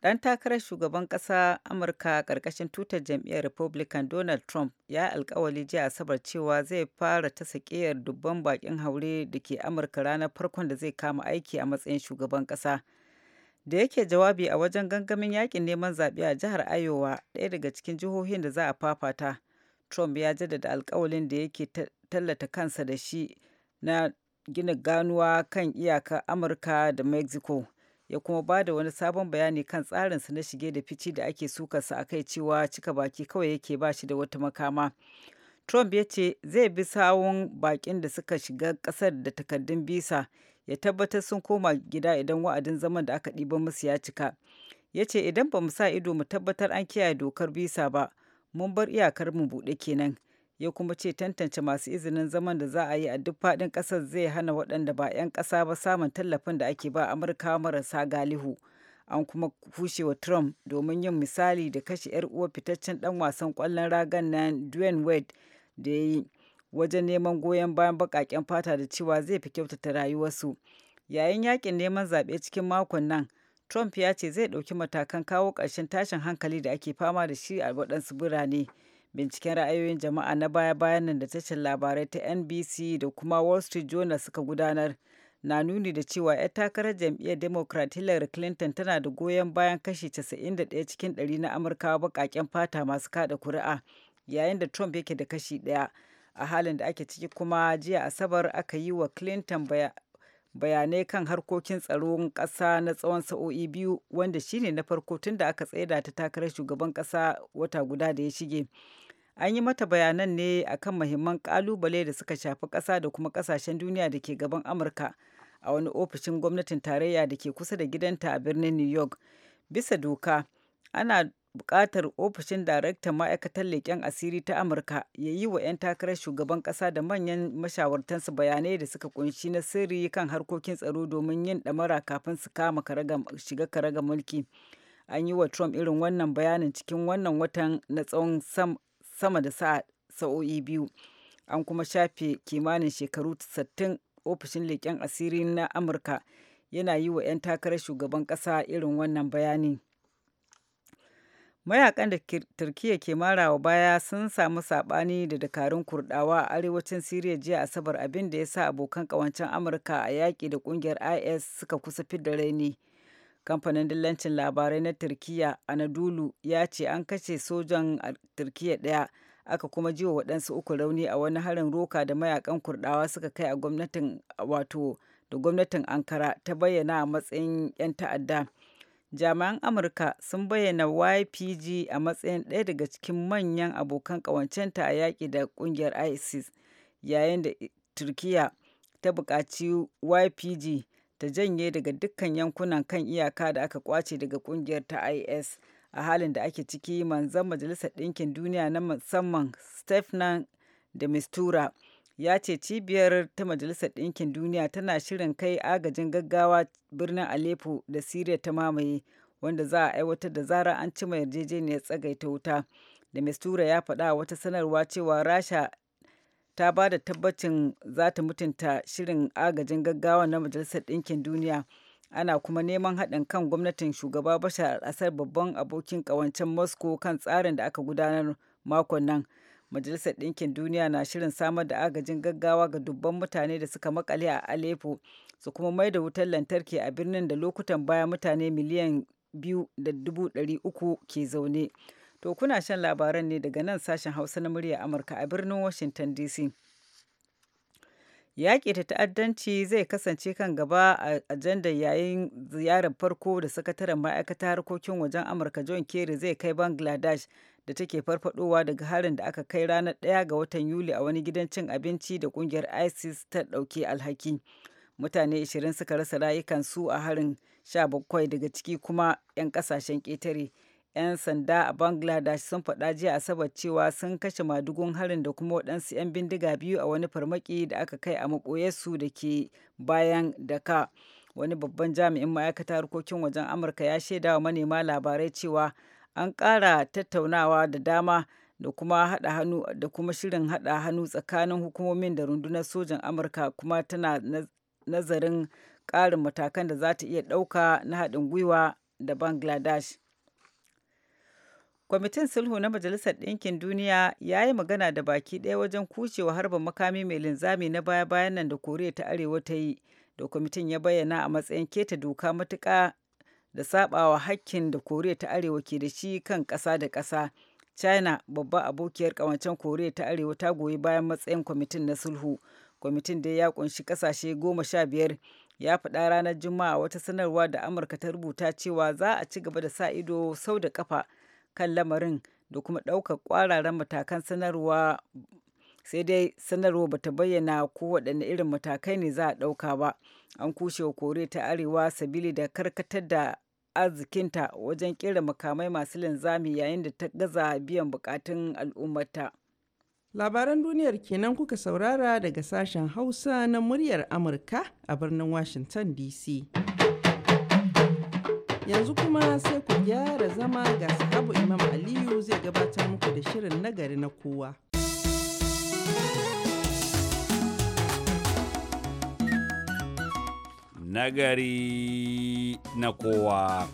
Dan takarar shugaban ƙasa Amurka karkashin tutar jam'iyyar Republican Donald Trump ya alkawali jiya Asabar cewa zai fara ta sakiyar dubban bakin haure da ke Amurka ranar farkon da zai kama aiki a matsayin shugaban ƙasa. Da yake jawabi a wajen gangamin yakin neman zaɓe a jihar Iowa, ɗaya daga cikin jihohin da za a fafata. Trump ya jaddada alkawalin da yake tallata kansa da shi na gina ganuwa kan iyaka Amurka da Mexico. ya kuma ba da wani sabon bayani kan tsarinsa na shige da fici da ake sukarsa a kai cewa cika baki kawai yake ba shi da wata makama. Trump ya ce zai bi sawun bakin da suka shiga kasar da takardun bisa ya tabbatar sun koma gida idan wa'adin zaman da aka ɗiba musu ya cika. Ya ce idan ba mu sa ido mu tabbatar an kiyaye dokar bisa ba, mun bar iyakar mu buɗe kenan. ya kuma ce tantance masu izinin zaman da za a yi a duk faɗin ƙasar zai hana waɗanda ba 'yan ƙasa ba samun tallafin da ake ba amurka marasa galihu an kuma kushewa trump domin yin misali da kashe 'yar uwar fitaccen ɗan wasan ƙwallon ragan na dwayne wade da ya yi wajen neman goyon bayan baƙaƙen fata da cewa zai fi kyautata rayuwarsu yayin yakin neman zaɓe cikin makon nan trump ya ce zai ɗauki matakan kawo ƙarshen tashin hankali da ake fama da shi a waɗansu birane binciken ra'ayoyin jama'a na baya-bayan nan da tashar labarai ta nbc da kuma wall street journal suka gudanar na nuni da cewa 'yar takarar jam'iyyar democrat hillary clinton tana da goyon bayan kashi 91 cikin 100 na amurkawa baƙaƙen fata masu kada kuri'a yayin da trump yake da kashi ɗaya a halin da ake ciki kuma jiya asabar aka yi wa clinton bayanai kan harkokin tsaron kasa na tsawon sa'o'i biyu wanda shine na farko tun da aka tsaida ta takarar shugaban kasa wata guda da ya shige An yi mata bayanan ne akan mahimman ƙalubale da suka shafi ƙasa da kuma ƙasashen duniya da ke gaban Amurka a wani ofishin gwamnatin tarayya da ke kusa da gidanta a birnin New York. Bisa doka, ana buƙatar ofishin daraktan ma'aikatar leƙen asiri ta Amurka ya yi wa 'yan takarar shugaban ƙasa da manyan mashawartansu bayanai da suka kunshi na sirri kan harkokin tsaro domin yin ɗamara kafin su kama shiga karaga mulki. An yi wa Trump irin wannan bayanin cikin wannan watan na tsawon sam sama da sa'o'i biyu an kuma shafe kimanin shekaru 60 ofishin leƙen asiri na amurka yana yi wa 'yan takarar shugaban ƙasa irin wannan bayani mayakan da turkiya ke marawa baya sun samu saɓani da dakarun kurɗawa a arewacin siriya jiya asabar abin da ya sa abokan ƙawancen amurka a yaƙi da ƙungiyar is suka kusa fidda raini kamfanin dillancin labarai na turkiyya anadolu ya ce an kashe sojan turkiya daya aka kuma jiwa waɗansu uku rauni a wani harin roka da mayakan kurɗawa suka kai a gwamnatin wato da gwamnatin ankara ta bayyana a matsayin 'yan ta'adda jami'an amurka sun bayyana ypg a matsayin ɗaya daga cikin manyan abokan ƙawancenta a yaƙi da ƙungiyar isis yayin da turkiya ta buƙaci ypg ta janye daga dukkan yankunan kan iyaka da aka kwace daga kungiyar ta is a halin da ake ciki manzan majalisar ɗinkin duniya na musamman stefan da mistura ya ce cibiyar ta majalisar ɗinkin duniya tana shirin kai agajin gaggawa birnin aleppo da syria ta mamaye wanda za a aiwatar da zara an cima yarjejeniyar tsagaita wuta da mistura ya faɗa wata sanarwa cewa rasha ta ba da tabbacin za ta mutunta shirin agajin gaggawa na majalisar ɗinkin duniya ana kuma neman haɗin kan gwamnatin shugaba bashar asar babban abokin ƙawancen moscow kan tsarin da aka gudanar makon nan majalisar ɗinkin duniya na shirin samar da agajin gaggawa ga dubban mutane da suka makale a aleppo su kuma mai da wutar lantarki a birnin da lokutan baya mutane miliyan biyu da dubu ke zaune To kuna shan labaran ne daga nan sashen Hausa na murya Amurka a birnin Washington DC. Yaƙi ta ta'addanci zai kasance kan gaba a ajanda yayin ziyarar farko da sakataren ma'aikata harkokin wajen Amurka John Kerry zai kai Bangladesh da take farfadowa daga harin da aka kai ranar ɗaya ga watan Yuli a wani gidan cin abinci da ƙungiyar ISIS ta ɗauki alhaki. Mutane 20 suka rasa rayukansu a harin 17 daga ciki kuma 'yan ƙasashen ƙetare. 'yan sanda a Bangladesh sun faɗa jiya Asabar cewa sun kashe madugun harin da kuma waɗansu 'yan bindiga biyu a wani farmaki da aka kai a maɓoyarsu da ke bayan daka. Wani babban jami'in ma'aikatar harkokin wajen Amurka ya shaida wa manema labarai cewa an kara tattaunawa da dama da kuma hada hannu da kuma shirin haɗa hannu tsakanin hukumomin da rundunar sojan Amurka kuma tana nazarin ƙarin matakan da za ta iya ɗauka na haɗin gwiwa da Bangladesh. kwamitin sulhu na majalisar ɗinkin duniya ya yi magana da baki ɗaya wajen kucewa harbin makami mai linzami na baya-bayan nan da koriya ta arewa ta yi da kwamitin ya bayyana a matsayin keta doka matuƙa da sabawa hakkin da koriya ta arewa ke da shi kan ƙasa da ƙasa china babba abokiyar ƙawancen koriya ta arewa ta goyi bayan matsayin kwamitin na sulhu kwamitin dai ya kunshi ƙasashe goma sha biyar ya faɗa ranar juma'a wata sanarwa da amurka ta rubuta cewa za a ci gaba da sa ido sau da kafa kan lamarin da kuma ɗaukar ƙwararren matakan sanarwa sai dai sanarwa bata bayyana ko waɗanne irin matakai ne za a ɗauka ba an kushe wa kore ta arewa sabili da karkatar da arzikinta wajen kera makamai masu linzami yayin da ta gaza biyan bukatun al'ummata. labaran duniyar kenan kuka saurara daga sashen hausa na muryar amurka a birnin washington dc Yanzu kuma sai ku gyara zama ga sahabu Imam Aliyu zai gabatar muku da shirin nagari na kowa. Nagari na kowa.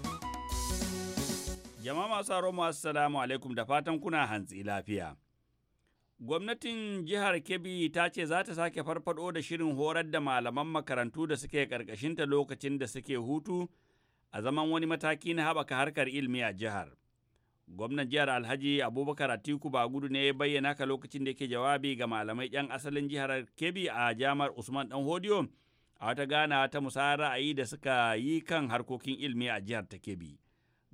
Jama'a masu haro masu salamu alaikum da fatan kuna hantsi lafiya. Gwamnatin jihar Kebbi ta ce za ta sake farfado da shirin horar da malaman makarantu da suke ƙarƙashinta lokacin da suke hutu a zaman wani mataki na haɓaka harkar ilmi a jihar. Gwamnan jihar Alhaji Abubakar Atiku Bagudu ne ya bayyana ka lokacin da yake jawabi ga malamai 'yan asalin jihar Kebbi a jamar Usman Dan Hodiyo a wata gana ta musayar ra'ayi da suka yi kan harkokin ilmi a jihar ta Kebbi.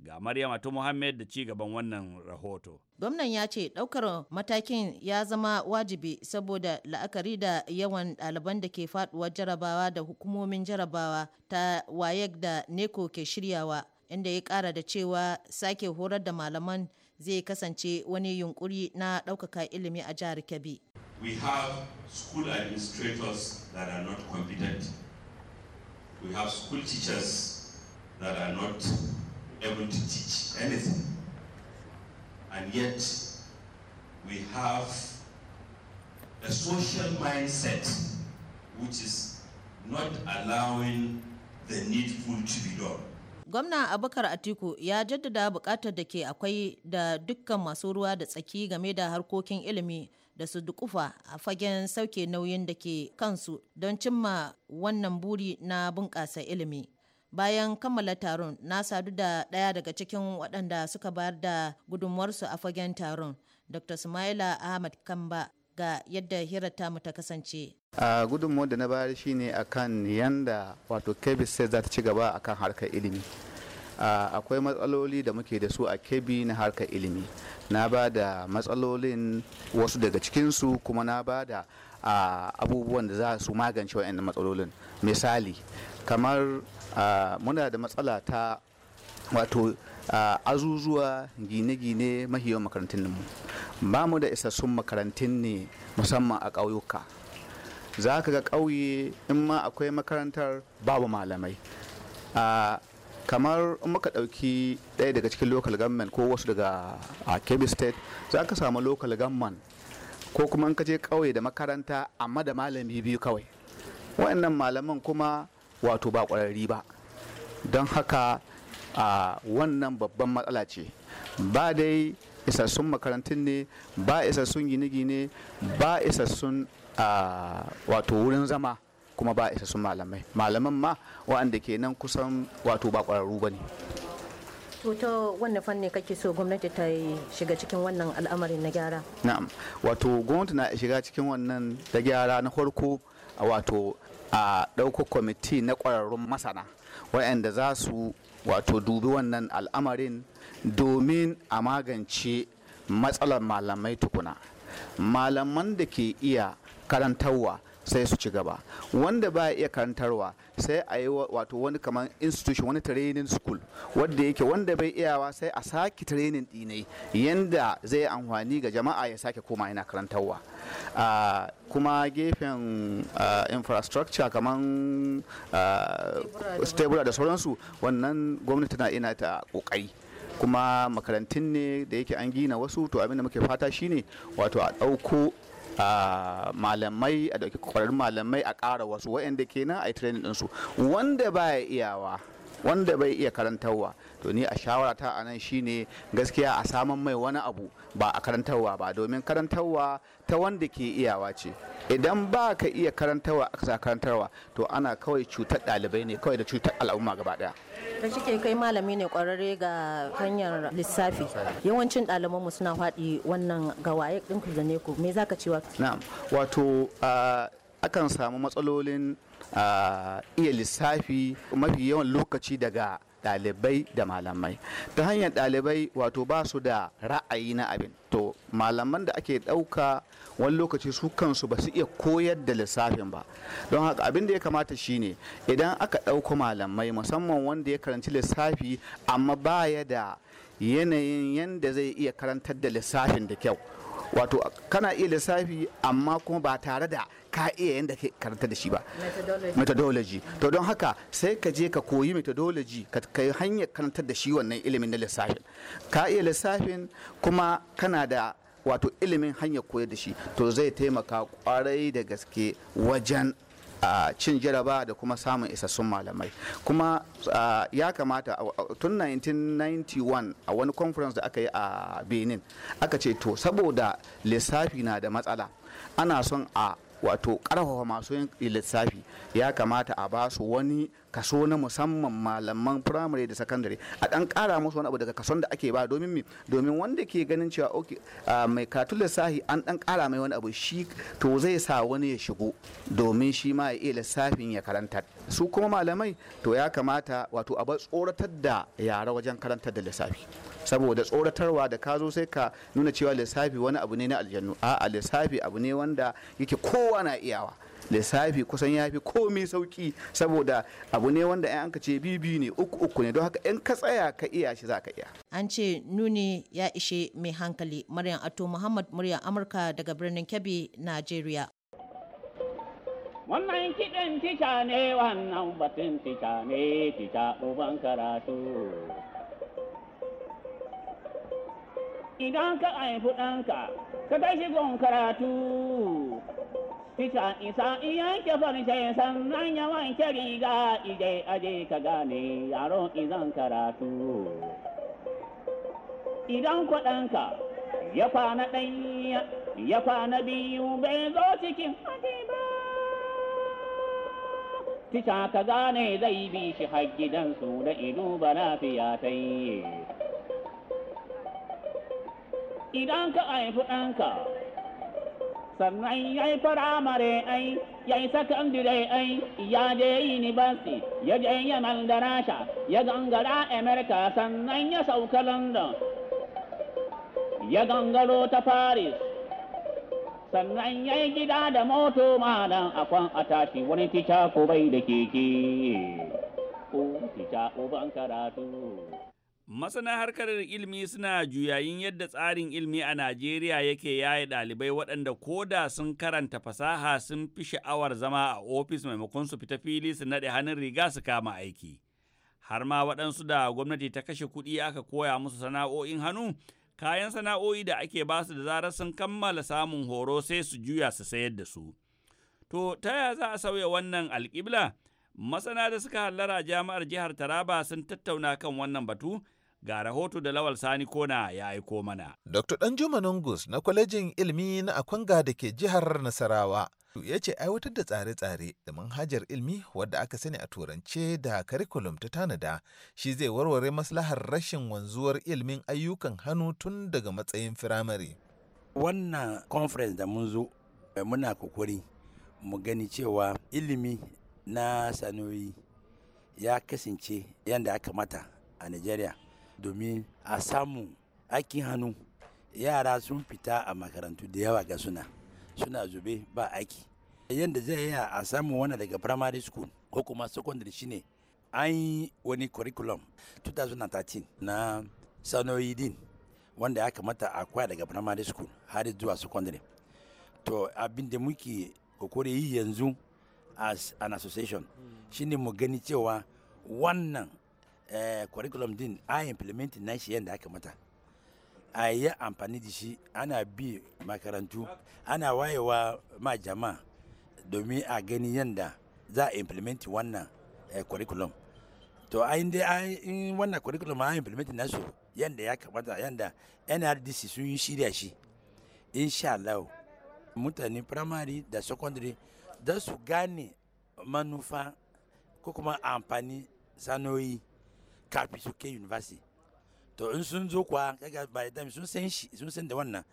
Ga Maryam ta Muhammad da ci gaban wannan rahoto. Gwamnan ya ce ɗaukar matakin ya zama wajibi saboda la'akari da yawan ɗaliban da ke faɗuwar jarabawa da hukumomin jarabawa ta wayek da neko ke shiryawa. inda ya ƙara da cewa sake horar da malaman zai kasance wani yunƙuri na ɗaukaka ilimi a jihar Kebbi. We have school administrators that are not competent. We have school teachers that are not able to teach anything. And yet, we have a social mindset which is not allowing the needful to be done. Gwamna Abubakar Atiku ya jaddada bukatar da ke akwai da dukkan masu ruwa da tsaki game da harkokin ilimi da su dukufa a fagen sauke nauyin da ke kansu don cimma wannan buri na bunƙasa ilimi. bayan kammala taron na sadu da ɗaya daga cikin waɗanda suka bayar da gudunmuwarsu a fagen taron dr sumaila ahmad kamba ga yadda hirarta mu ta kasance a gudunmuwar da na bayar shine akan yanda wato kebis sai za ta ci gaba akan harkar ilimi akwai matsaloli da muke da su a kebi na harkar ilimi na ba da matsalolin wasu daga cikinsu kuma na ba da abubuwan da za su magance wa'annan matsalolin misali kamar muna da matsala ta wato azuzuwa gine-gine mahiyawan makarantun mu ba mu da isassun makarantun ne musamman a ƙauyuka za ka ga ƙauye in ma akwai makarantar babu malamai kamar in muka ɗauki ɗaya daga cikin local government ko wasu daga a kebbi state za ka samu local government ko kuma in ka je ƙauye da makaranta amma da malami biyu kawai waɗannan malaman kuma wato ba ƙwararri ba don haka a wannan babban matsala ce ba dai isassun makarantun ne ba isassun gine-gine ba isassun wato wurin zama kuma ba isassun malamai malaman ma wa'anda ke nan kusan wato ba ƙwararru ba ne to ta wannan fanni kake so gwamnati ta shiga cikin wannan al'amarin na gyara na'am wato gwamnati na shiga cikin wannan da gyara na farko wato a ɗauko kwamiti na ƙwararrun masana waɗanda za su wato dubi wannan al'amarin domin a magance matsalar malamai tukuna malaman da ke iya karantarwa sai su ci gaba wanda ba iya karantarwa sai a yi wato wani kamar institution wani training school wanda yake wanda bai iyawa sai a sake training dinai yanda zai amfani ga jama'a ya sake koma yana karantarwa a ah, kuma gefen ah, infrastructure kamar ah, stable da sauransu wannan gwamnati na ina ta kokari kuma makarantun ne da yake an gina wasu to abinda muke fata shine wato a ɗauko malamai a dauki kwararrun malamai a ƙara wasu waɗanda kenan a yi training ɗinsu wanda ba iyawa wanda bai iya karantarwa to ni a shawara ta anan shine gaskiya a saman mai wani abu ba a karantarwa ba domin karantarwa ta wanda ke iyawa ce idan ba ka iya karantarwa aka sa karantarwa to ana kawai cutar dalibai ne kawai da cutar al'umma gaba daya shike kai malami ne kwararre ga hanyar lissafi yawancin ɗaliban mu suna faɗi wannan gawaye ɗinku ku zane ku me zaka cewa na'am wato akan samu matsalolin iya lissafi mafi yawan lokaci daga Dalibai da malamai ta hanyar dalibai wato ba su da ra'ayi na abin to malaman da ake ɗauka wani lokaci su kansu ba su iya koyar da lissafin ba don haka abin da ya kamata shine idan aka ɗauko malamai musamman wanda ya karanci lissafi amma baya da yanayin yanda zai iya karantar da lissafin da kyau wato kana iya lissafi amma kuma ba tare da ka iya yadda ke karanta da shi ba methodology to don haka sai ka je ka koyi methodology ka kai hanyar karantar da shi wannan ilimin na lissafin ka iya lissafin kuma kana da wato ilimin hanyar koyar da shi to zai taimaka kwarai da gaske wajen A cin jaraba da kuma samun isassun malamai kuma ya kamata tun 1991 a wani conference da aka yi a benin aka ce to saboda lissafi na da matsala ana son a wato karfafa masu yin lissafi ya kamata a ba su wani kaso na musamman malaman firamare da sakandare a dan kara musu wani abu daga kason da ake ba domin mi domin wanda ke ganin cewa okay mai karatun lissafi an dan kara mai wani abu shi to zai sa wani ya shigo domin shi ma ya iya lissafin ya karanta. su kuma malamai to ya kamata wato a bar tsoratar da yara wajen karantar da lissafi saboda tsoratarwa da ka zo sai ka nuna cewa lissafi wani abu ne na aljannu a lissafi abu ne wanda yake kowa na iyawa lissafi kusan ya fi komai sauki saboda abu ne wanda an anka ce bibi ne uku uku ne don haka in ka tsaya ka iya shi za ka iya an ce nuni ya ishe mai hankali maryam ato muhammad murya amurka daga birnin kebbi nigeria wannan kiɗin tica ne wannan batun tica ne tica uban karatu idan ka aifi ɗanka ka kai shi karatu Isa isa iya ke farce sannan ya wanke riga ije aje ka gane yaro izan karatu. Idan kwaɗanka ya kwana ɗaya ya kwana biyu bai zo cikin haɗe Tisha ka gane zai bi shi har gidansu da ido ba lafiya ta yi. Idan ka haifi ɗanka sannan ya yi firamare ai ya yi sakandire ai ya je university ya je yamal da rasha ya gangara america sannan ya sauka london ya gangaro ta paris sannan ya yi gida da moto malam akwan a tashi wani tica ko bai da keke ko tica uban karatu Masana harkar ilimi suna juyayin yadda tsarin ilimi a Najeriya yake yaye ɗalibai waɗanda ko da sun karanta fasaha sun fi sha'awar zama a ofis maimakon su fita fili su naɗe hannun riga su kama aiki. Har ma waɗansu da gwamnati ta kashe kuɗi aka koya musu sana'o'in hannu, kayan sana'o'i da ake ba su da zarar sun kammala samun horo sai su juya su sayar da su. To, ta ya za a sauya wannan alƙibla? Masana da suka hallara jami'ar jihar Taraba sun tattauna kan wannan batu, Ga rahoto da Lawal Sani Kona ya aiko mana. Dr. Danjuma Nungus na kwalejin ilmi na Akwanga da ke jihar Nasarawa ya ce aiwatar da tsare-tsare da manhajar ilmi wadda aka sani a turance da curriculum ta tanada shi zai warware maslahar rashin wanzuwar ilmin ayyukan hannu tun daga matsayin firamare. Wannan conference da mun zo eh, muna kokari mu gani cewa ilimi na sanoyi ya kasance yadda aka mata a Nigeria. domin a samu aikin hannu yara sun fita a makarantu da yawa ga suna suna zube ba aiki yadda zai yi a samu wani daga primary school ko kuma secondary shine an yi wani curriculum 2013 na sanoyi din wanda ya kamata a kwaya daga primary school har zuwa secondary to abin da muke kokore yi yanzu as an association shine mu gani cewa wannan Eh, curriculum din a implementin na shi yadda aka mata a yi amfani da shi ana bi makarantu ana wayewa ma jama'a domin a gani yadda za a implement wannan eh, curriculum to a dai in wannan curriculum a implement nasu yadda ya kamata yadda nrdc sun yi shirya shi insha Allah mutane primary da secondary da su gane manufa ko kuma amfani sanoyi kafin su kai university to in sun zo kuwa kaga by the sun san shi sun san da wannan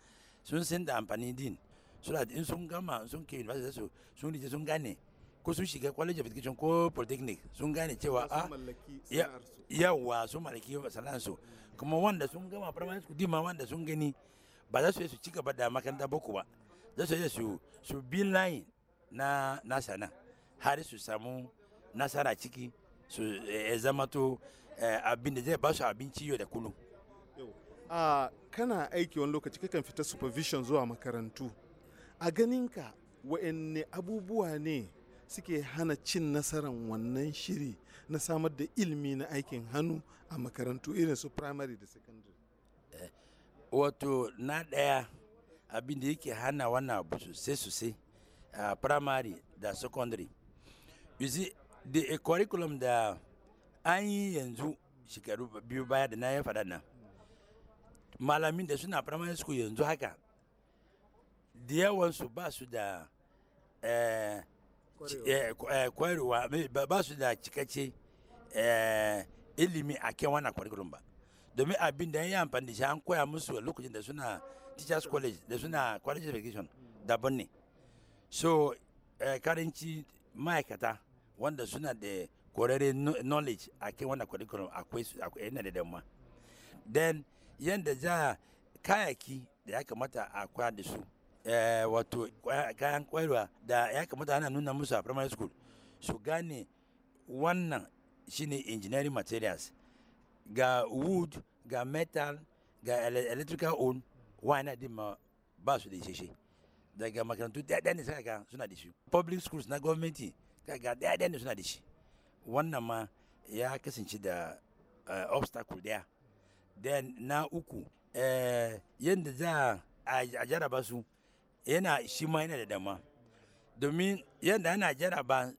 sun san da amfani din so that in sun gama sun ke university su sun rije sun gane ko sun shiga college of education ko polytechnic sun gane cewa a ah, yawa sun mallaki sana'ar su kuma wanda sun gama primary school dima wanda sun gani ba za su yi su ci gaba da makaranta boko ba za su yi su su bi line na na sana har su samu nasara ciki su eh, zama to Eh, abin da zai ba su abinci yau da kullum a kana aiki wani lokaci kakan fita supervision zuwa makarantu a ganinka wa'anne abubuwa ne suke hana cin nasarar wannan shiri na samar da ilmi na aikin hannu a makarantu irin su primary da secondary eh, wato na ɗaya abin da yake hana wannan abu sosai-sosai a primary da secondary you see the curriculum da an yi yanzu shekaru biyu baya da na ya faɗa nan malamin da suna primary school yanzu haka da yawansu ba su da eh, eh, kwarewa eh, ba su da cikace ilimi a kewa na curriculum ba domin abin da ya yi amfani da shi an koya musu lokacin da suna teachers college da suna college education daban ne so karanci ma'aikata wanda suna da kwararre knowledge a kan wannan curriculum akwai yana da damma then yadda jiha kayaki da ya kamata a kwaya da su eh, wato kayan koyarwa da ya kamata ana nuna musu a primary school su gane wannan shine engineering materials ga wood ga metal ga electrical own wani din ma ba su da isheshe daga makarantu ɗaya ne suka suna da shi public schools na gwamnati kaga ɗaya ne suna da shi wannan ma ya kasance da uh, obstacle daya then na uku uh, eh, yadda za a jaraba su yana shi ma yana da dama domin yadda ana jaraba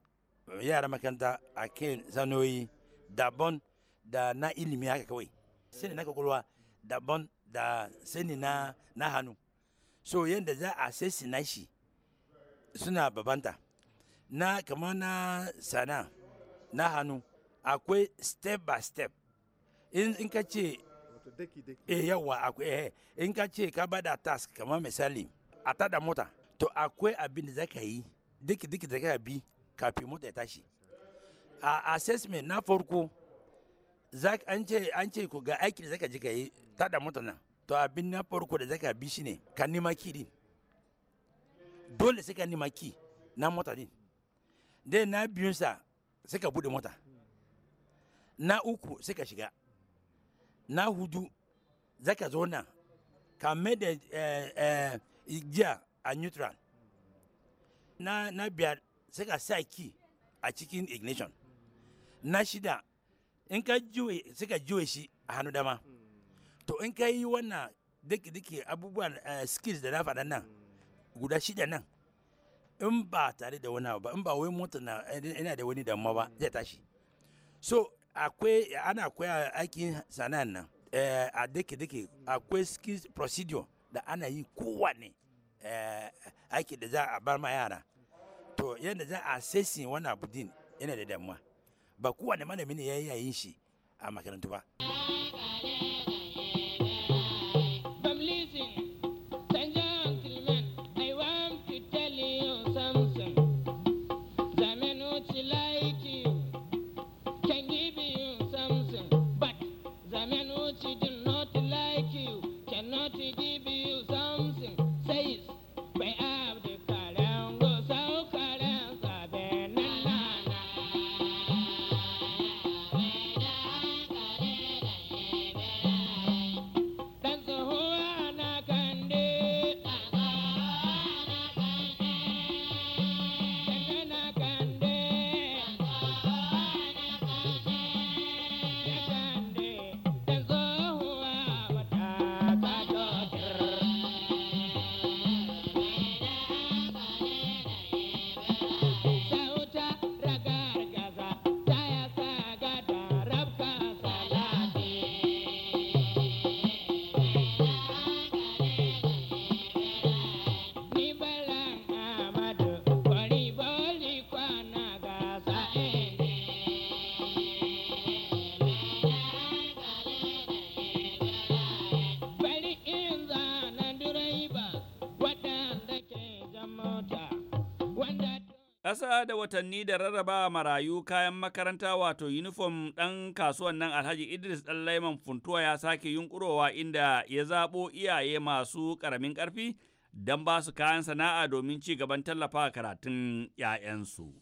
yara makaranta a kan sanoyi dabon da na ilimi haka kawai sani na kwakwalwa dabon da sani na, na hannu so yadda za a sessi na shi suna babanta na kama na sana na hannu akwai step by step in ka ce eh yawa akwai eh, eh in ka ce ka bada task kamar misali a tada mota to akwai abin da zaka yi duk duk da ka bi kafin mota ya tashi a assessment na farko an ce an ce ku ga aiki da zaka ji ka yi tada mota nan to abin na farko da zaka bi shine ka nima ki din dole sai ka nima ki na mota din dai na biyun sa sai ka buɗe mota na uku sai ka shiga na hudu za ka zo nan ka mai da igiya eh, eh, a neutral na, na biyar sai ka sa ki a cikin ignition na shida in ka sai ka shi a hannu dama to in ka yi wannan dake abubuwan eh, skills da na faɗa nan guda shida nan in ba tare da wani ba in ba wai mota na yana da wani damma ba zai tashi so akwai ana koya aikin sana'an nan eh, a dake dake akwai skills procedure da ana yi kowane eh, aiki da za a bar ma yara to yadda za a assessing wani abu din yana da damma ba kowane malami ne ya yi yayin shi a makarantu ba. ƙasa da watanni da rarraba marayu kayan makaranta wato yunifom ɗan kasuwan nan alhaji idris ɗan laiman funtuwa ya sake yunkurowa inda ya zaɓo iyaye masu ƙaramin ƙarfi don ba su kayan sana'a domin ci gaban tallafa karatun 'ya'yansu.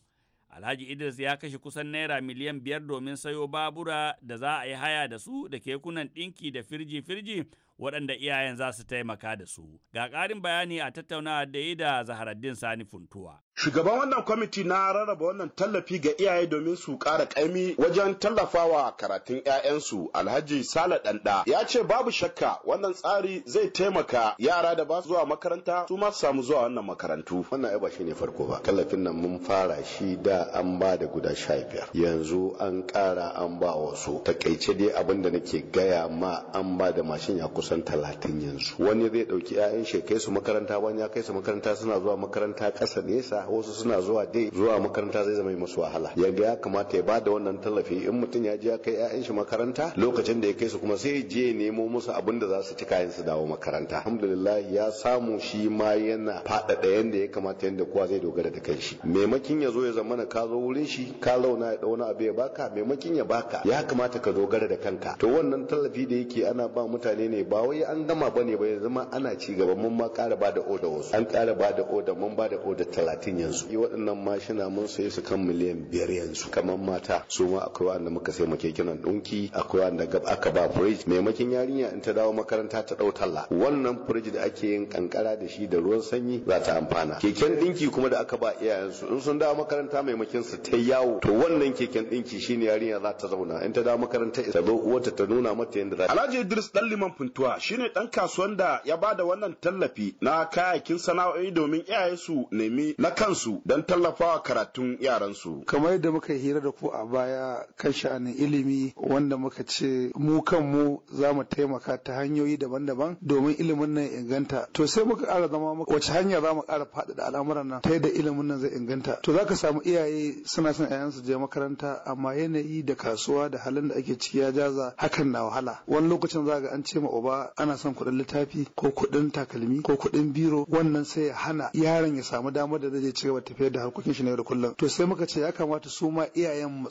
Alhaji Idris ya kashe kusan naira miliyan biyar domin sayo babura da za a yi haya da su da kekunan ɗinki da firji-firji waɗanda iyayen za su taimaka da su. Ga ƙarin bayani a tattaunawa da yi da Zaharaddin Sani Funtuwa. Shugaban wannan kwamiti na rarraba wannan tallafi ga iyaye domin su ƙara ƙaimi wajen tallafawa karatun 'ya'yansu Alhaji Sale Ɗanɗa ya ce babu shakka wannan tsari zai taimaka yara da ba su zuwa makaranta su ma su samu zuwa wannan makarantu. Wannan ai ba shi ne farko ba. Tallafin nan mun fara shi da an ba da guda sha biyar. Yanzu an ƙara an ba wasu. Takaice dai abin da nake gaya ma an ba da mashin ya kusan talatin yanzu. Wani zai ɗauki 'ya'yan shi kai su makaranta wani ya kai su makaranta suna zuwa makaranta ƙasa nesa wasu suna zuwa dai zuwa makaranta zai zama masu wahala yanga ya kamata ya ba da wannan tallafi in mutum ya je ya kai 'ya'yan shi makaranta lokacin da ya kai su kuma sai je nemo musu abin da za su ci kayan su dawo makaranta alhamdulillah ya samu shi ma yana da yanda ya kamata yanda kowa zai dogara da kanshi maimakin ya zo ya zamana ka zo wurin shi ka launa ya dauna abu ya baka maimakin ya baka ya kamata ka dogara da kanka to wannan tallafi da yake ana ba mutane ne ba wai an gama bane ba ya zama ana ci gaba mun ma ƙara ba da oda wasu an kara ba da oda mun ba da oda talatin yanzu yi waɗannan mashina mun saye su kan miliyan biyar yanzu kamar mata su ma akwai wanda muka sai mu kekunan ɗunki akwai wanda gab aka ba fridge maimakin yarinya in ta dawo makaranta ta ɗau talla wannan fridge da ake yin kankara da shi da ruwan sanyi za ta amfana keken ɗinki kuma da aka ba iyayensu in sun dawo makaranta maimakin su ta yawo to wannan keken ɗinki shine yarinya za ta zauna in ta dawo makaranta ta zo uwarta ta nuna mata yadda za ta Alhaji Idris ɗan liman funtuwa shine dan kasuwan da ya ba da wannan tallafi na kayayyakin sana'o'i domin iyayensu nemi na kansu don tallafawa karatun yaransu. Kamar yadda muka hira da ku a baya kan sha'anin ilimi wanda muka ce mu kanmu za mu taimaka ta hanyoyi daban-daban domin ilimin nan inganta. To sai muka ƙara zama muka wace hanya za mu ƙara faɗaɗa al'amuran nan ta yadda ilimin nan zai inganta. To za ka samu iyaye suna son 'ya'yansu je makaranta amma yanayi da kasuwa da halin da ake ciki ya jaza hakan na wahala. Wani lokacin za ga an ce ma uba ana son kuɗin littafi ko kuɗin takalmi ko kuɗin biro wannan sai ya hana yaron ya samu damar da zai ci gaba tafiyar da harkokin shi na yau da kullum to sai muka ce ya kamata su ma iyayen mu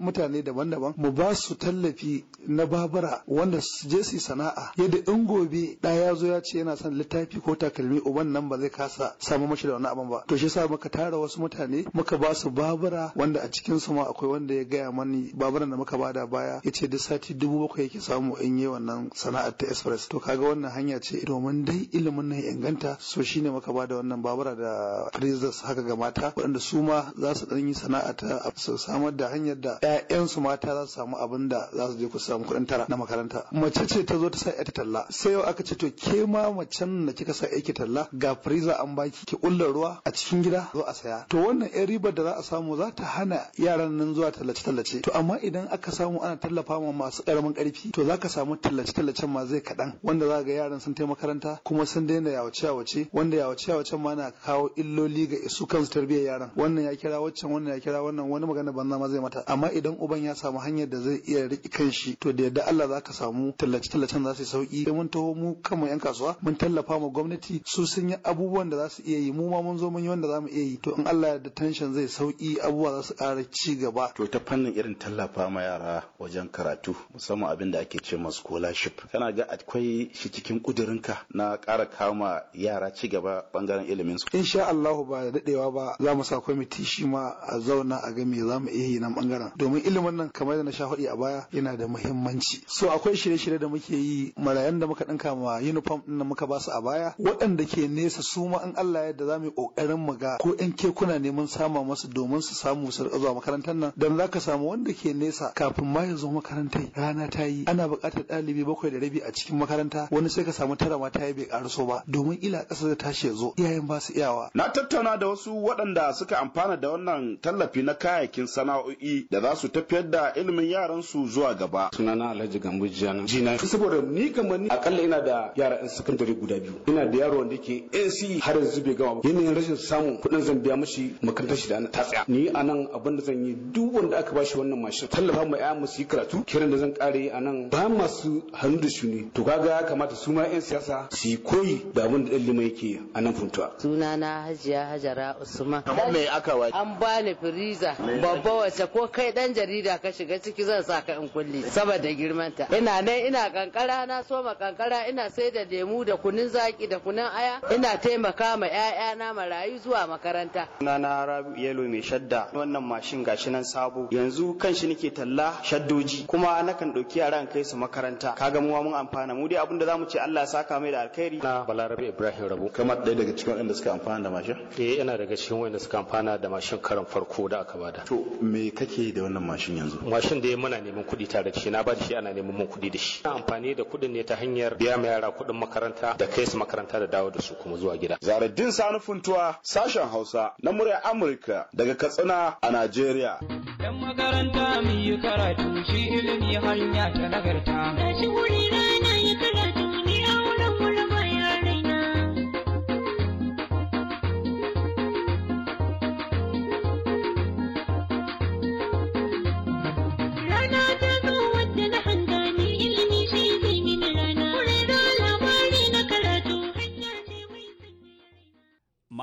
mutane daban-daban mu ba su tallafi na babura wanda su je su sana'a yadda in gobe da ya zo ya ce yana son littafi ko takalmi uban nan ba zai kasa samu mashi da wani abin ba to shi yasa muka tara wasu mutane muka ba su babura wanda a cikin su ma akwai wanda ya gaya mani baburan da muka bada baya yace duk sati dubu bakwai yake samu in yi wannan sana'ar ta express to kaga wannan hanya ce domin dai ilimin nan inganta so shine muka bada wannan babura da freezer za su haka ga mata waɗanda su ma za su ɗan yi sana'a ta su samar da hanyar da 'ya'yansu mata za su samu abin da za su je ku samu kuɗin tara na makaranta mace ce ta zo ta sa ta talla sai yau aka ce to ke ma macen da kika sa yake talla ga firiza an baki ki ƙulla ruwa a cikin gida zo a saya to wannan 'yan ribar da za a samu za ta hana yaran nan zuwa tallace-tallace to amma idan aka samu ana tallafa ma masu ƙaramin ƙarfi to za ka samu tallace-tallacen ma zai kaɗan wanda za ga yaran sun taimakaranta makaranta kuma sun daina yawace-yawace wanda yawace-yawacen ma na kawo illoli ga su kansu tarbiyyar yaran wannan ya kira waccan wannan ya kira wannan wani magana banza ma zai mata amma idan uban ya samu hanyar da zai iya riƙe kanshi to da yadda Allah zaka samu tallace tallacen za su yi sauki sai mun taho mu kanmu yan kasuwa mun tallafa ma gwamnati su sun yi abubuwan da za su iya yi mu ma mun zo mun yi wanda za mu iya yi to in Allah ya da tension zai sauki abubuwa za su ƙara ci gaba to ta fannin irin tallafa ma yara wajen karatu musamman abin da ake ce masu scholarship kana ga akwai shi cikin kudirinka na ƙara kama yara ci gaba bangaren ilimin su insha Allah ba da dadewa ba za mu sa kwamiti shi ma a zauna a ga me za mu iya yi nan bangaren domin ilimin nan kamar da na sha faɗi a baya yana da muhimmanci so akwai shirye-shirye da muke yi marayan da muka dinka ma uniform din da muka ba su a baya waɗanda ke nesa su ma in Allah ya yarda za mu yi kokarin mu ga ko in kekuna ne mun sama masu domin su samu su zuwa makarantar nan dan zaka samu wanda ke nesa kafin ma ya zo makarantai rana ta yi ana buƙatar ɗalibi bakwai da rabi a cikin makaranta wani sai ka samu tara ma ta yi bai ƙaruso ba domin ila ƙasa ta tashi ya zo iyayen ba su iyawa na tattauna tattauna da wasu waɗanda suka amfana da wannan tallafi na kayayyakin sana'o'i da za su tafiyar da ilimin yaran su zuwa gaba. Sunana Alhaji Gambo Jana. Jina. Saboda ni kamar ni akalla ina da yara 'yan sakandare guda biyu. Ina da yaro wanda yake NC e har yanzu bai gama ba. Yanayin rashin samun kuɗin zan biya mashi makarantar shi da ana tatsaya. Ni a nan abinda da zan yi duk wanda aka bashi wannan mashin tallafa ma mu su yi karatu kiran da zan kare a nan ba masu hannu da shuni. To kaga ya kamata su ma 'yan siyasa su yi koyi da abin da ɗan lima yake a nan funtuwa. Sunana Hajara Usman. Kamar me aka wani? An bani firiza babba wacce ko kai dan jarida ka shiga ciki zan sa ka in kulle saboda girmanta. Ina ne ina kankara na soma kankara ina sai da lemu da kunun zaki da kunun aya ina taimaka ma ƴaƴana marayu zuwa makaranta. Na na Rabi Yelo mai shadda wannan mashin gashi nan sabo yanzu kan shi nake talla shaddoji kuma na kan ɗauki yaran kai su makaranta kaga mu mun amfana mu dai abinda zamu ce Allah ya saka mai da alkhairi. Na Balarabe Ibrahim Rabo kamar ɗaya daga cikin waɗanda suka amfana da mashin. eh yana daga cikin wanda suka amfana da mashin karan farko da aka bada to me kake da wannan mashin yanzu mashin da muna neman kuɗi tare da shi na ba shi ana neman mun kuɗi da shi Ana amfani da kuɗin ne ta hanyar biya ma yara kuɗin makaranta da kai su makaranta da dawo da su kuma zuwa gida zaradin sani funtuwa sashen hausa na murya amurka daga katsina a najeriya yan makaranta mai yi karatu shi ilimi hanya ta nagarta shi wuri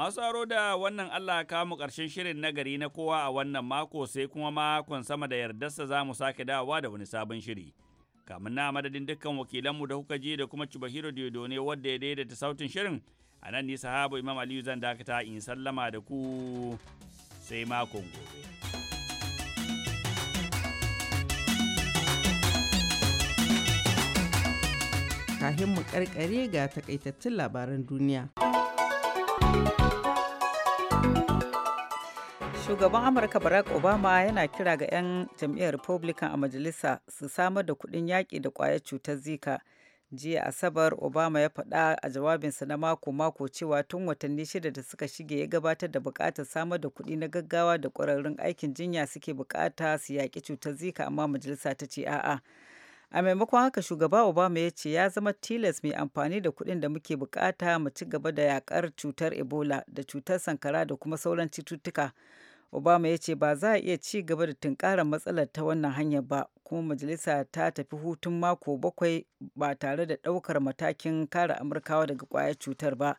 Masu aro da wannan Allah kamu ƙarshen shirin nagari na kowa a wannan mako sai kuma makon sama da yardarsa za mu sake dawowa da wani sabon shiri. Kamun na madadin dukkan wakilanmu da kuka je da kuma Cibahiro Diodo ne wadda ya daidaita sautin shirin a nan ni sahabu Imam Aliyu zan dakata in sallama da ku sai makon gobe. Kahin mu karkare ga takaitattun labaran duniya. shugaban amurka barack obama yana kira ga 'yan jam'iyyar republican a majalisa su samar da kudin yaƙi da ƙwayar cutar zika jiya asabar obama ya faɗa a jawabinsa na mako-mako cewa tun watanni shida da suka shige ya gabatar da buƙatar samar da kuɗi na gaggawa da ƙwararrun aikin jinya suke buƙata su yaƙi cutar zika amma majalisa ta ce a'a a maimakon haka shugaba obama ya ce ya zama tilas mai amfani da kuɗin da muke bukata mu ci gaba da yakar cutar ebola da cutar sankara da kuma sauran cututtuka obama ya ce ba za a iya ci gaba da tunkarar matsalar ta wannan hanyar ba kuma majalisa ta tafi hutun mako bakwai ba tare da ɗaukar matakin kare amurkawa daga kwayar cutar ba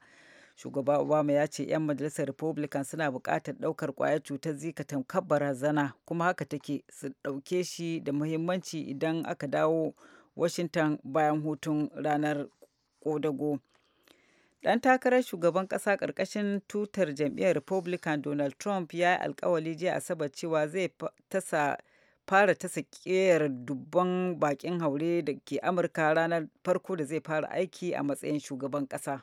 shugaba obama ya ce 'yan majalisar republican suna bukatar ɗaukar ƙwayar cutar zika tamkar barazana kuma haka take su ɗauke shi da muhimmanci idan aka dawo washington bayan hutun ranar ƙodago ɗan takarar shugaban ƙasa ƙarƙashin tutar jam'iyyar republican donald trump ya yi alkawali jiya asabar cewa zai tasa fara tasa ƙeyar dubban bakin haure da ke amurka ranar farko da zai fara aiki a matsayin shugaban ƙasa